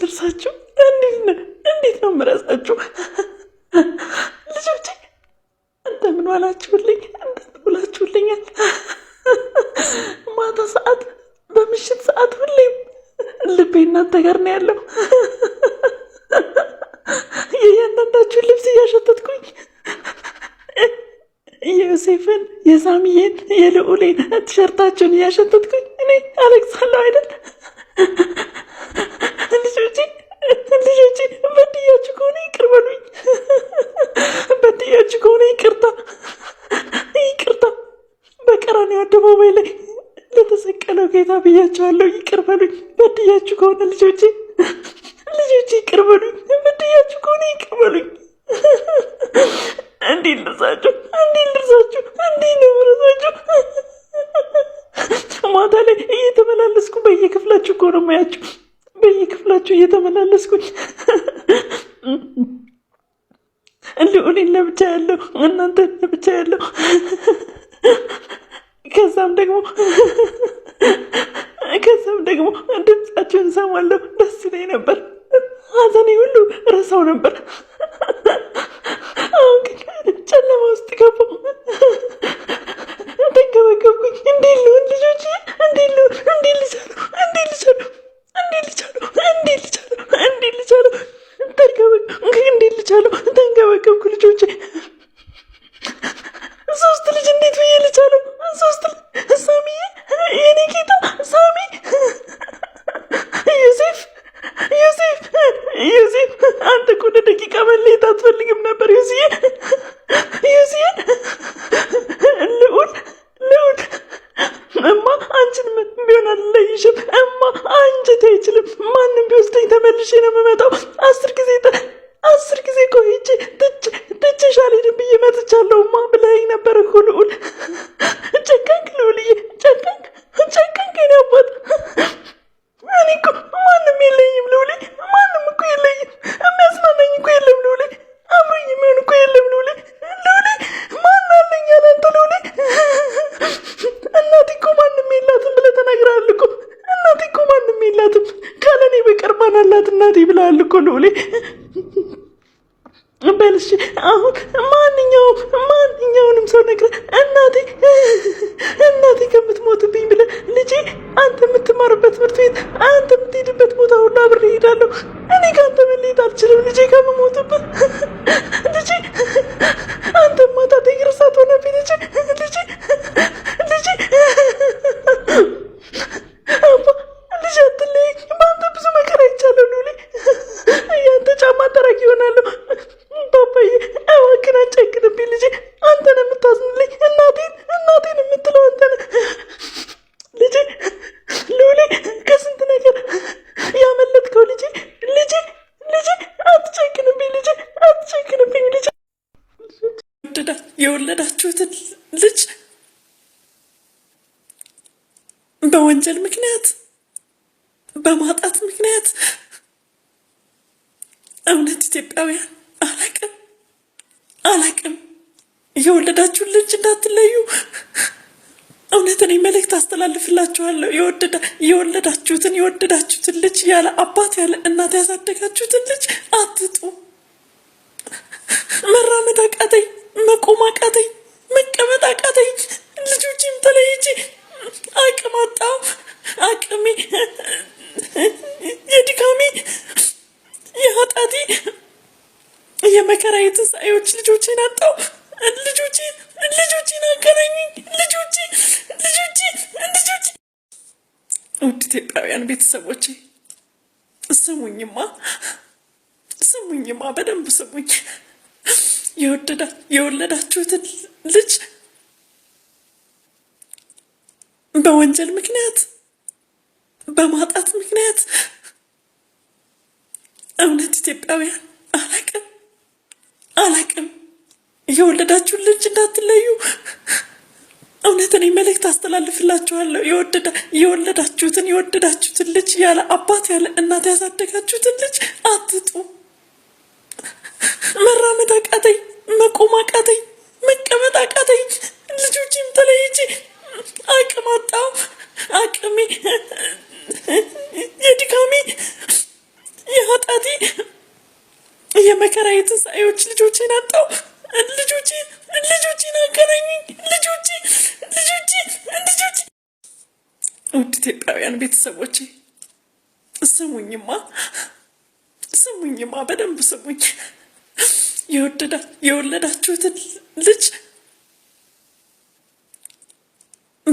ደርሳችሁ እንዴት ነው እንዴት ነው የምረሳችሁ? ልጆች እንደምን ዋላችሁልኝ? እንደምን ውላችሁልኛል? ማታ ሰዓት፣ በምሽት ሰዓት ሁሌም ልቤ እናንተ ጋር ነው ያለው። የእያንዳንዳችሁን ልብስ እያሸተትኩኝ የዮሴፍን፣ የሳሚዬን፣ የልዑሌን ቲሸርታችሁን እያሸተትኩኝ እኔ አለቅሳለሁ አይደል? ከሆነ ይቅር በሉኝ፣ በድያችሁ ከሆነ ይቅርታ ይቅርታ። በቀራንዮ አደባባይ ላይ ለተሰቀለው ጌታ ብያቸዋለሁ፣ ይቅር በሉኝ። በድያችሁ ከሆነ ልጆቼ ልጆቼ ይቅር በሉኝ፣ በድያችሁ ከሆነ ይቅር በሉኝ። እንዲህ ልርሳችሁ፣ እንዲህ ልርሳችሁ፣ እንዲህ ነው ማታ ላይ እየተመላለስኩ በየክፍላችሁ እኮ ነው የማያችሁ፣ በየክፍላችሁ እየተመላለስኩኝ እንዲሁ ለብቻ ያለው እናንተ ለብቻ ያለው ከዛም ደግሞ ከዛም ደግሞ ድምፃችሁን ሰማለሁ ደስ ይለኝ ነበር። ሀዘኔ ሁሉ ረሳው ነበር አሁን እንዲቀበልኝ አትፈልግም ነበር ዩስዬ እናቴ ብለሃል እኮ ኖሌ። በልሽ አሁን ማንኛውም ማንኛውንም ሰው ነግረህ እናቴ እናቴ ከምትሞትብኝ ብለህ ልጄ አንተ የምትማርበት ትምህርት ቤት አንተ የምትሄድበት ቦታ ሁሉ አብሬ እሄዳለሁ። እኔ ከአንተ መለየት አልችልም ልጄ ከምሞትበት ልጄ በወንጀል ምክንያት በማጣት ምክንያት እውነት ኢትዮጵያውያን አላቅም አላቅም የወለዳችሁን ልጅ እንዳትለዩ። እውነት እኔ መልእክት አስተላልፍላችኋለሁ። የወለዳችሁትን የወደዳችሁትን ልጅ ያለ አባት ያለ እናት ያሳደጋችሁትን ልጅ አትጡ። መራመድ አቃተኝ፣ መቆም አቃተኝ፣ መቀመጥ አቃተኝ። ልጆችም ተለይቼ አቅም አጣው። አቅሜ የድካሜ የኃጢአቴ የመከራ የትንሣኤዎች ልጆቼን አጣው። ልጆቼ ልጆቼን አገናኙኝ። ልጆቼ ልጆቼ ልጆቼ ውድ ኢትዮጵያውያን ቤተሰቦቼ ስሙኝማ ስሙኝማ በደንብ ስሙኝ። የወለዳችሁትን ልጅ በወንጀል ምክንያት በማጣት ምክንያት እውነት ኢትዮጵያውያን አላቅም አላቅም የወለዳችሁን ልጅ እንዳትለዩ። እውነት እኔ መልእክት አስተላልፍላችኋለሁ። የወለዳችሁትን የወደዳችሁትን ልጅ ያለ አባት ያለ እናት ያሳደጋችሁትን ልጅ አትጡ። መራመድ አቃተኝ፣ መቆም አቃተኝ። ውድ ኢትዮጵያውያን ቤተሰቦቼ ስሙኝማ፣ ስሙኝማ፣ በደንብ ስሙኝ። የወለዳችሁትን ልጅ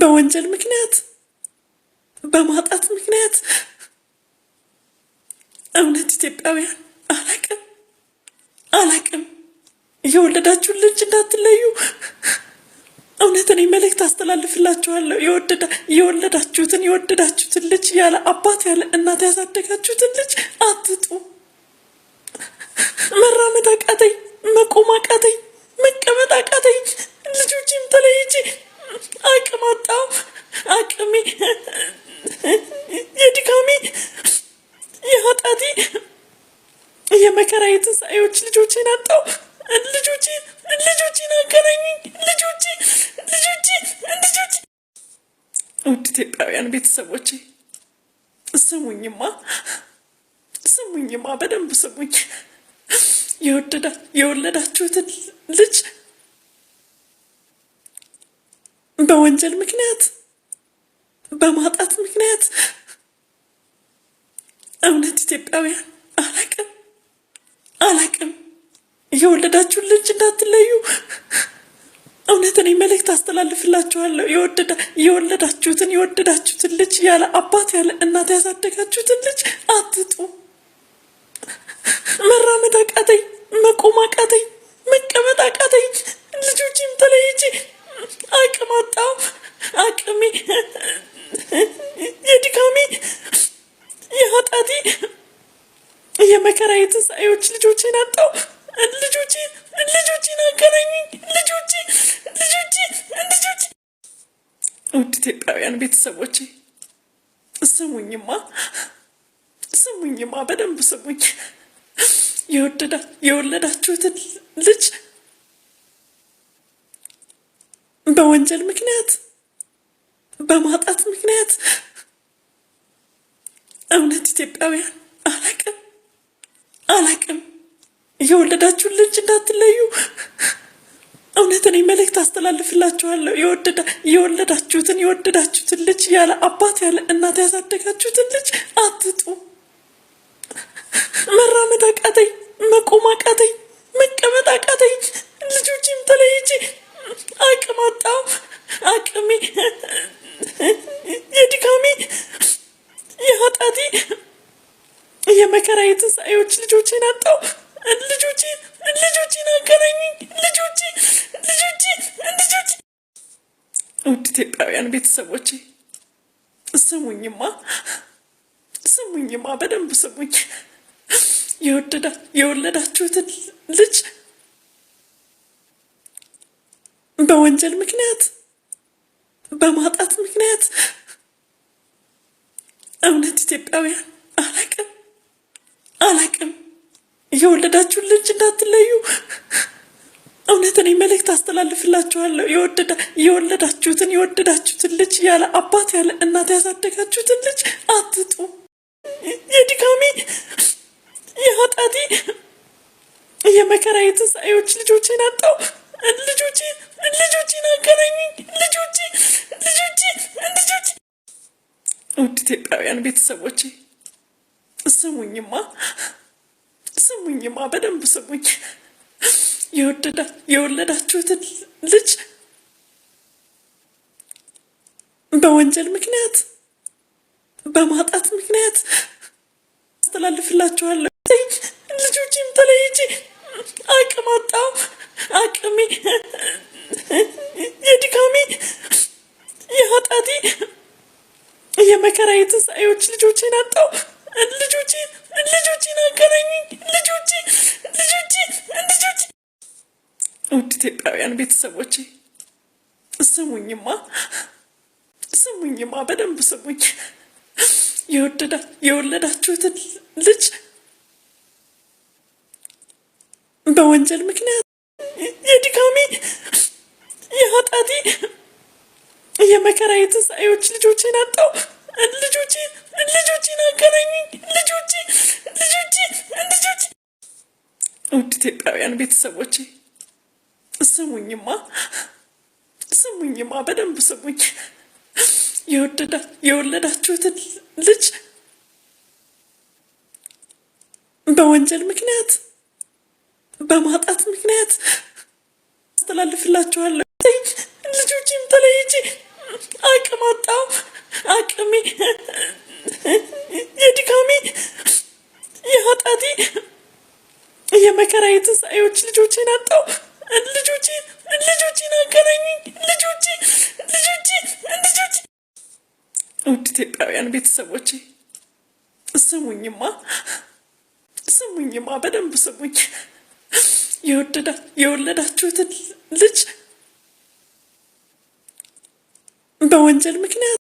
በወንጀል ምክንያት በማጣት ምክንያት እውነት ኢትዮጵያውያን አላቅም አላቅም የወለዳችሁን ልጅ እንዳትለዩ። እውነት እኔ መልእክት አስተላልፍላችኋለሁ። የወለዳችሁትን የወደዳችሁትን ልጅ ያለ አባት ያለ እናት ያሳደጋችሁትን ልጅ አትጡ። መራመድ አቃተኝ። ውድ ኢትዮጵያውያን ቤተሰቦቼ ስሙኝማ፣ ስሙኝማ፣ በደንብ ስሙኝ። የወለዳችሁትን ልጅ በወንጀል ምክንያት በማጣት ምክንያት እውነት ኢትዮጵያውያን አላቅም አላቅም የወለዳችሁን ልጅ እንዳትለዩ። እውነት እኔ መልእክት አስተላልፍላችኋለሁ። የወለዳችሁትን የወደዳችሁትን ልጅ ያለ አባት ያለ እናት ያሳደጋችሁትን ልጅ አትጡ። መራመድ አቃተኝ፣ መቆም አቃተኝ፣ መቀመጥ አቃተኝ። ቤተሰቦቼ ስሙኝማ ስሙኝማ በደንብ ስሙኝ። የወለዳችሁትን ልጅ በወንጀል ምክንያት በማጣት ምክንያት እውነት ኢትዮጵያውያን አላቅም አላቅም የወለዳችሁን ልጅ እንዳትለዩ። እውነት እኔ መልእክት አስተላልፍላችኋለሁ። የወለዳችሁትን የወደዳችሁትን ልጅ ያለ አባት ያለ እናት ያሳደጋችሁትን ልጅ አትጡ። መራመድ አቃተኝ፣ መቆም አቃተኝ፣ መቀመጥ አቃተኝ። ልጆችም ተለይቼ አቅም አጣሁ። አቅሜ የድካሜ የኃጢአቴ የመከራ የትንሣኤዎች ልጆቼን አጣሁ። ልጆቼ ልጆ አገናኙኝ ልጆቼ ልጆቼ ልጆቼ። ውድ ኢትዮጵያውያን ቤተሰቦች ስሙኝማ ስሙኝማ በደንብ ስሙኝ። የወለዳችሁትን ልጅ በወንጀል ምክንያት በማጣት ምክንያት እውነት ኢትዮጵያውያን አላቅም አላቅም የወለዳችሁን ልጅ እንዳትለዩ። መልእክት አስተላልፍላችኋለሁ። የወለዳችሁትን የወደዳችሁትን ልጅ ያለ አባት ያለ እናት ያሳደጋችሁትን ልጅ አትጡ። የድካሜ የኃጢአቴ የመከራ የትንሣኤዎች ልጆቼን አጣው። ልጆቼ ልጆቼን አገናኙኝ። ልጆቼ ልጆቼ ልጆቼ። ውድ ኢትዮጵያውያን ቤተሰቦቼ ስሙኝማ፣ ስሙኝማ፣ በደንብ ስሙኝ። የወለዳችሁትን ልጅ በወንጀል ምክንያት በማጣት ምክንያት አስተላልፍላችኋለሁ። ልጆችም ተለይጂ አቅም አጣው። አቅሜ የድካሜ የኃጢአቴ የመከራ ትንሣኤዎች ልጆቼን አጣው። ልጆቼ ልጆቼን አገናኙኝ። ልጆቼ ልጆቼ ልጆቼ ውድ ኢትዮጵያውያን ቤተሰቦች ስሙኝማ፣ ስሙኝማ፣ በደንብ ስሙኝ። የወለዳችሁትን ልጅ በወንጀል ምክንያት የድካሜ የኃጢአቴ የመከራ የትንሣኤዎች ልጆቼን አጣሁ። ልጆቼ ልጆቼን አገናኙኝ። ልጆቼ ልጆቼ ልጆቼ ውድ ኢትዮጵያውያን ቤተሰቦቼ ስሙኝማ ስሙኝማ በደንብ ስሙኝ። የወለዳችሁትን ልጅ በወንጀል ምክንያት በማጣት ምክንያት አስተላልፍላችኋለሁ። ልጆችም ተለይቼ አቅም አጣሁ። አቅሜ የድካሜ የኃጢአቴ የመከራዬ ትንሣኤዎች ልጆቼን አጣሁ። ልጆቼ ልጆቼን አገናኙኝ ልጆቼ ልጆቼ ልጆቼ። ውድ ኢትዮጵያውያን ቤተሰቦቼ ስሙኝማ ስሙኝማ በደንብ ስሙኝ። የወለዳችሁትን ልጅ በወንጀል ምክንያት